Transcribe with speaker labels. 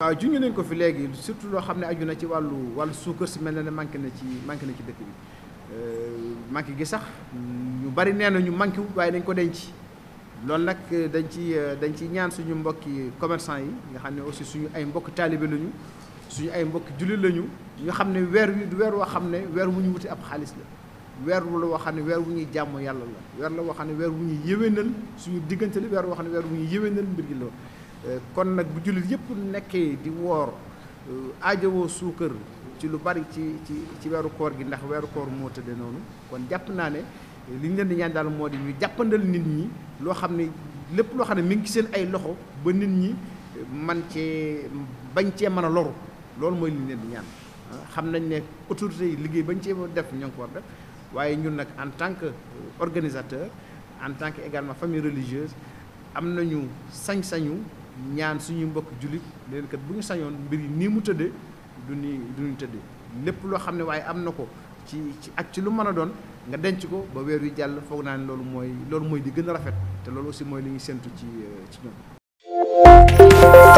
Speaker 1: waaw junj nañ ko fi léegi surtout loo xam ne aju na ci wàllu wàllu suukar si mel na ne manqué na ci manqué na ci dëkk bi euh, manqué gi sax ñu bari nee na ñu manqué wut waaye dañ ko denc loolu nag euh, dañ ci euh, dañ ci ñaan suñu mbokki commerçant yi nga xam ne aussi suñu ay mbokki taalibe lañu suñu ay mbokki jullit lañu ñu xam ne weer wi du weer woo xam ne weer wu ñu wuti ab xaalis la. weer la woo xam ne weer wu ñuy jàmm yàlla la weer la woo xam ne weer wu ñuy yéwénal suñu diggante la weer woo xam ne weer wu ñuy yéwénal mbir gi la kon nag bu jullit yëpp nekkee di woor euh, aajowoo suukar ci lu bari ci ci ci weeru koor gi ndax weeru koor moo tëddee noonu kon jàpp naa ne li ñu leen di ñaan daal moo di ñu jàppandal nit ñi loo xam ne lépp loo xam ne mi ngi ci seen ay loxo ba nit ñi man cee bañ cee mën a loru loolu mooy li ñu leen di ñaan ah, xam nañ ne autorités yi liggéey bañ cee def ñoo ngi ko war def waaye ñun nag en tant que organisateur en tant que également famille religieuse am nañu sañ-sañu ñaan suñu mbokk jullit leen kat bu ñu sañoon mbir yi nii mu tëddee du ni du ñu tëddee lépp loo xam ne waaye am na ko ci ci ak ci lu mën a doon nga denc ko ba weer yu jàll foog naa ne loolu mooy loolu mooy di gën a rafet te loolu aussi mooy li ñuy séntu ci
Speaker 2: euh, ci ñoom.